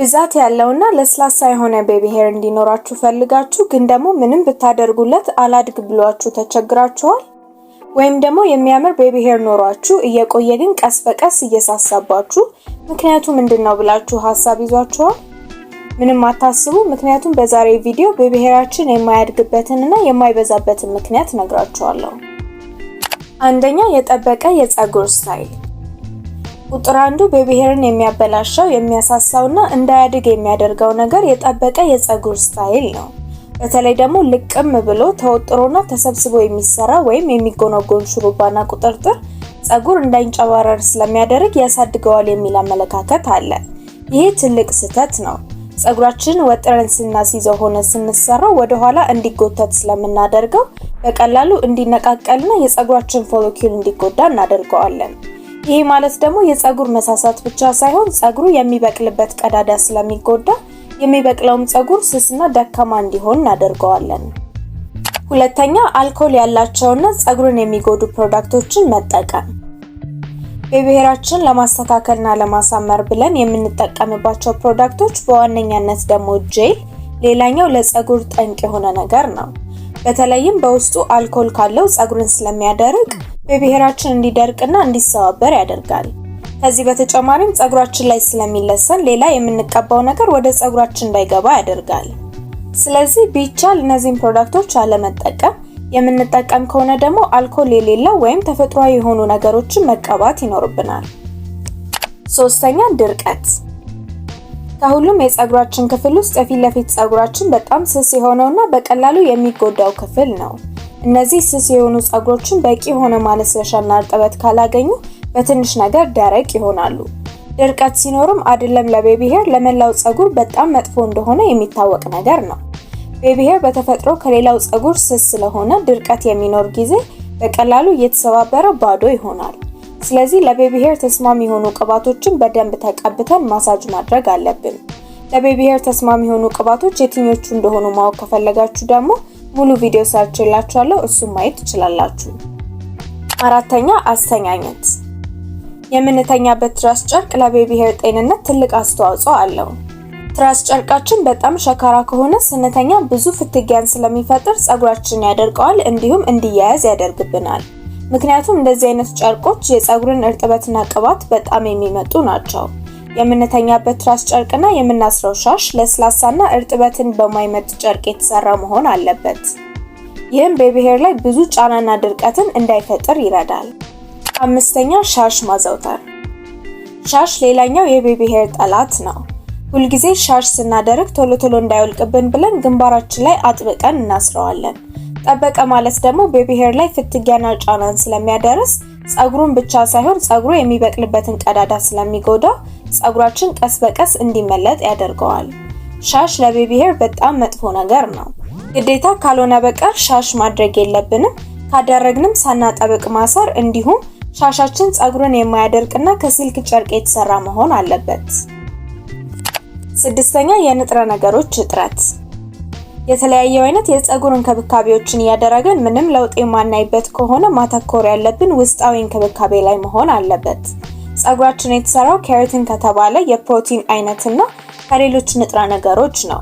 ብዛት ያለውና ለስላሳ የሆነ ቤቢ ሄር እንዲኖራችሁ ፈልጋችሁ ግን ደግሞ ምንም ብታደርጉለት አላድግ ብሏችሁ ተቸግራችኋል? ወይም ደግሞ የሚያምር ቤቢ ሄር ኖሯችሁ እየቆየ ግን ቀስ በቀስ እየሳሳባችሁ ምክንያቱ ምንድን ነው ብላችሁ ሀሳብ ይዟችኋል? ምንም አታስቡ፣ ምክንያቱም በዛሬ ቪዲዮ ቤቢ ሄራችን የማያድግበትንና የማይበዛበትን ምክንያት ነግራችኋለሁ። አንደኛ የጠበቀ የፀጉር ስታይል ቁጥር አንዱ በብሔርን የሚያበላሸው የሚያሳሳውና እንዳያድግ የሚያደርገው ነገር የጠበቀ የፀጉር ስታይል ነው። በተለይ ደግሞ ልቅም ብሎ ተወጥሮና ተሰብስቦ የሚሰራ ወይም የሚጎነጎን ሹሩባና ቁጥርጥር ፀጉር እንዳይንጨባረር ስለሚያደርግ ያሳድገዋል የሚል አመለካከት አለ። ይህ ትልቅ ስህተት ነው። ፀጉራችንን ወጥረን ስናስይዘው ሆነ ስንሰራው ወደኋላ እንዲጎተት ስለምናደርገው በቀላሉ እንዲነቃቀልና የፀጉራችን ፎሎኪል እንዲጎዳ እናደርገዋለን። ይሄ ማለት ደግሞ የፀጉር መሳሳት ብቻ ሳይሆን ፀጉሩ የሚበቅልበት ቀዳዳ ስለሚጎዳ የሚበቅለውም ፀጉር ስስና ደካማ እንዲሆን እናደርገዋለን። ሁለተኛ አልኮል ያላቸውና ፀጉርን የሚጎዱ ፕሮዳክቶችን መጠቀም። የብሔራችን ለማስተካከልና ለማሳመር ብለን የምንጠቀምባቸው ፕሮዳክቶች በዋነኛነት ደግሞ ጄል፣ ሌላኛው ለፀጉር ጠንቅ የሆነ ነገር ነው። በተለይም በውስጡ አልኮል ካለው ፀጉርን ስለሚያደርቅ በብሔራችን እንዲደርቅና እንዲሰባበር ያደርጋል። ከዚህ በተጨማሪም ፀጉራችን ላይ ስለሚለሰን ሌላ የምንቀባው ነገር ወደ ፀጉራችን እንዳይገባ ያደርጋል። ስለዚህ ቢቻል እነዚህን ፕሮዳክቶች አለመጠቀም፣ የምንጠቀም ከሆነ ደግሞ አልኮል የሌለው ወይም ተፈጥሯዊ የሆኑ ነገሮችን መቀባት ይኖርብናል። ሶስተኛ ድርቀት ከሁሉም የፀጉራችን ክፍል ውስጥ የፊት ለፊት ፀጉራችን በጣም ስስ የሆነውና በቀላሉ የሚጎዳው ክፍል ነው። እነዚህ ስስ የሆኑ ፀጉሮችን በቂ የሆነ ማለስለሻና እርጥበት ካላገኙ በትንሽ ነገር ደረቅ ይሆናሉ። ድርቀት ሲኖርም አይደለም ለቤቢ ሄር ለመላው ፀጉር በጣም መጥፎ እንደሆነ የሚታወቅ ነገር ነው። ቤቢ ሄር በተፈጥሮ ከሌላው ፀጉር ስስ ስለሆነ ድርቀት የሚኖር ጊዜ በቀላሉ እየተሰባበረ ባዶ ይሆናል። ስለዚህ ለቤቢ ሄር ተስማሚ የሆኑ ቅባቶችን በደንብ ተቀብተን ማሳጅ ማድረግ አለብን። ለቤቢ ሄር ተስማሚ የሆኑ ቅባቶች የትኞቹ እንደሆኑ ማወቅ ከፈለጋችሁ ደግሞ ሙሉ ቪዲዮ ሰርችላችኋለሁ፣ እሱም ማየት ትችላላችሁ። አራተኛ አስተኛኘት። የምንተኛበት ትራስ ጨርቅ ለቤቢ ሄር ጤንነት ትልቅ አስተዋጽኦ አለው። ትራስ ጨርቃችን በጣም ሸካራ ከሆነ ስንተኛ ብዙ ፍትጊያን ስለሚፈጥር ጸጉራችንን ያደርቀዋል፣ እንዲሁም እንዲያያዝ ያደርግብናል። ምክንያቱም እንደዚህ አይነት ጨርቆች የፀጉርን እርጥበትና ቅባት በጣም የሚመጡ ናቸው። የምንተኛበት ትራስ ጨርቅና የምናስረው ሻሽ ለስላሳና እርጥበትን በማይመጥ ጨርቅ የተሰራ መሆን አለበት። ይህም በብሔር ላይ ብዙ ጫናና ድርቀትን እንዳይፈጥር ይረዳል። አምስተኛ ሻሽ ማዘውተር። ሻሽ ሌላኛው የቤቢ ሄር ጠላት ነው። ሁልጊዜ ሻሽ ስናደርግ ቶሎ ቶሎ እንዳይወልቅብን ብለን ግንባራችን ላይ አጥብቀን እናስረዋለን። ጠበቀ ማለት ደግሞ በብሔር ላይ ፍትጊያና ጫናን ስለሚያደርስ ጸጉሩን ብቻ ሳይሆን ጸጉሩ የሚበቅልበትን ቀዳዳ ስለሚጎዳ ጸጉራችን ቀስ በቀስ እንዲመለጥ ያደርገዋል። ሻሽ ለቤቢ ሄር በጣም መጥፎ ነገር ነው። ግዴታ ካልሆነ በቀር ሻሽ ማድረግ የለብንም። ካደረግንም ሳናጠብቅ ማሰር፣ እንዲሁም ሻሻችን ጸጉርን የማያደርቅና ከስልክ ጨርቅ የተሰራ መሆን አለበት። ስድስተኛ የንጥረ ነገሮች እጥረት የተለያዩ አይነት የፀጉር እንክብካቤዎችን እያደረግን ምንም ለውጥ የማናይበት ከሆነ ማተኮር ያለብን ውስጣዊ እንክብካቤ ላይ መሆን አለበት። ፀጉራችን የተሰራው ኬራቲን ከተባለ የፕሮቲን አይነትና ከሌሎች ንጥረ ነገሮች ነው።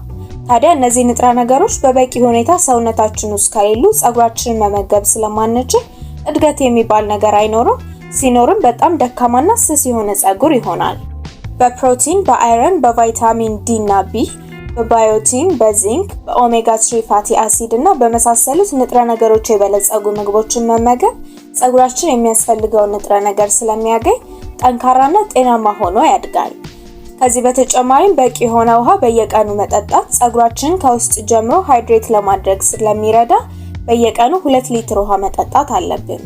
ታዲያ እነዚህ ንጥረ ነገሮች በበቂ ሁኔታ ሰውነታችን ውስጥ ከሌሉ ፀጉራችንን መመገብ ስለማንችል እድገት የሚባል ነገር አይኖርም። ሲኖርም በጣም ደካማና ስስ የሆነ ፀጉር ይሆናል። በፕሮቲን፣ በአይረን፣ በቫይታሚን ዲ እና ቢ በባዮቲን፣ በዚንክ፣ በኦሜጋ 3 ፋቲ አሲድ እና በመሳሰሉት ንጥረ ነገሮች የበለጸጉ ምግቦችን መመገብ ጸጉራችን የሚያስፈልገውን ንጥረ ነገር ስለሚያገኝ ጠንካራና ጤናማ ሆኖ ያድጋል። ከዚህ በተጨማሪም በቂ የሆነ ውሃ በየቀኑ መጠጣት ጸጉራችንን ከውስጥ ጀምሮ ሃይድሬት ለማድረግ ስለሚረዳ በየቀኑ ሁለት ሊትር ውሃ መጠጣት አለብን።